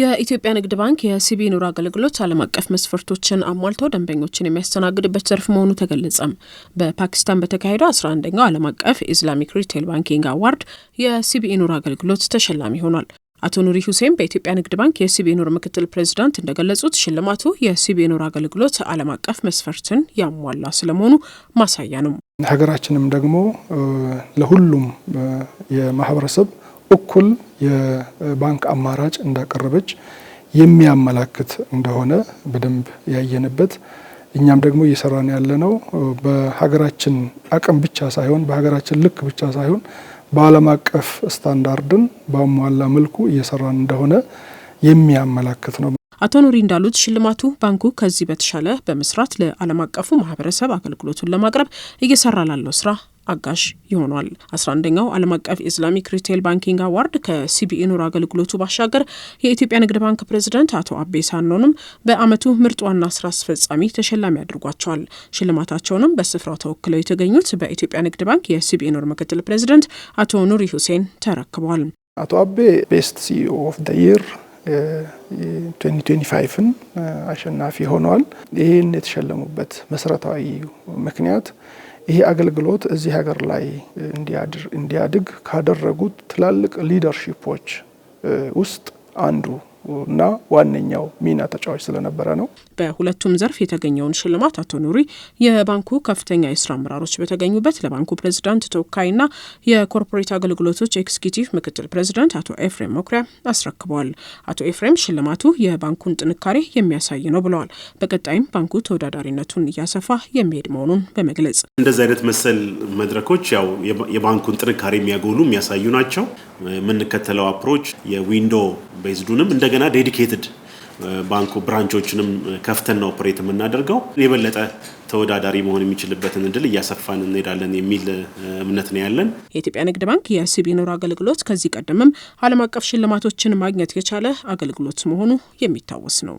የኢትዮጵያ ንግድ ባንክ የሲቢ ኑር አገልግሎት ዓለም አቀፍ መስፈርቶችን አሟልቶ ደንበኞችን የሚያስተናግድበት ዘርፍ መሆኑ ተገለጸም። በፓኪስታን በተካሄደው አስራ አንደኛው ዓለም አቀፍ ኢስላሚክ ሪቴል ባንኪንግ አዋርድ የሲቢ ኑር አገልግሎት ተሸላሚ ሆኗል። አቶ ኑሪ ሁሴን በኢትዮጵያ ንግድ ባንክ የሲቢ ኑር ምክትል ፕሬዚዳንት እንደገለጹት ሽልማቱ የሲቢ ኑር አገልግሎት ዓለም አቀፍ መስፈርትን ያሟላ ስለመሆኑ ማሳያ ነው። ሀገራችንም ደግሞ ለሁሉም የማህበረሰብ እኩል የባንክ አማራጭ እንዳቀረበች የሚያመላክት እንደሆነ በደንብ ያየንበት እኛም ደግሞ እየሰራን ያለነው በሀገራችን አቅም ብቻ ሳይሆን በሀገራችን ልክ ብቻ ሳይሆን በዓለም አቀፍ ስታንዳርድን በአሟላ መልኩ እየሰራን እንደሆነ የሚያመላክት ነው። አቶ ኑሪ እንዳሉት ሽልማቱ ባንኩ ከዚህ በተሻለ በመስራት ለዓለም አቀፉ ማህበረሰብ አገልግሎቱን ለማቅረብ እየሰራ ላለው ስራ አጋዥ ይሆኗል። አስራ አንደኛው ዓለም አቀፍ የኢስላሚክ ሪቴል ባንኪንግ አዋርድ ከሲቢኢ ኑር አገልግሎቱ ባሻገር የኢትዮጵያ ንግድ ባንክ ፕሬዚደንት አቶ አቤ ሳኖንም በአመቱ ምርጥ ዋና ስራ አስፈጻሚ ተሸላሚ አድርጓቸዋል። ሽልማታቸውንም በስፍራው ተወክለው የተገኙት በኢትዮጵያ ንግድ ባንክ የሲቢኢ ኑር ምክትል ፕሬዚደንት አቶ ኑሪ ሁሴን ተረክበዋል። አቶ አቤ ቤስት ሲኢኦ ኦፍ ደ ይር 2025ን አሸናፊ ሆነዋል። ይህን የተሸለሙበት መሰረታዊ ምክንያት ይሄ አገልግሎት እዚህ ሀገር ላይ እንዲያድግ ካደረጉት ትላልቅ ሊደርሺፖች ውስጥ አንዱ እና ዋነኛው ሚና ተጫዋች ስለነበረ ነው። በሁለቱም ዘርፍ የተገኘውን ሽልማት አቶ ኑሪ የባንኩ ከፍተኛ የስራ አመራሮች በተገኙበት ለባንኩ ፕሬዚዳንት ተወካይና የኮርፖሬት አገልግሎቶች ኤክስኪዩቲቭ ምክትል ፕሬዚዳንት አቶ ኤፍሬም መኩሪያ አስረክበዋል። አቶ ኤፍሬም ሽልማቱ የባንኩን ጥንካሬ የሚያሳይ ነው ብለዋል። በቀጣይም ባንኩ ተወዳዳሪነቱን እያሰፋ የሚሄድ መሆኑን በመግለጽ እንደዚህ አይነት መሰል መድረኮች ያው የባንኩን ጥንካሬ የሚያጎሉ የሚያሳዩ ናቸው። የምንከተለው አፕሮች የዊንዶ ቤዝዱንም እንደገና ዴዲኬትድ ባንኩ ብራንቾችንም ከፍተን ነው ኦፕሬት የምናደርገው የበለጠ ተወዳዳሪ መሆን የሚችልበትን እድል እያሰፋን እንሄዳለን የሚል እምነት ነው ያለን። የኢትዮጵያ ንግድ ባንክ የሲቢኖር አገልግሎት ከዚህ ቀደምም ዓለም አቀፍ ሽልማቶችን ማግኘት የቻለ አገልግሎት መሆኑ የሚታወስ ነው።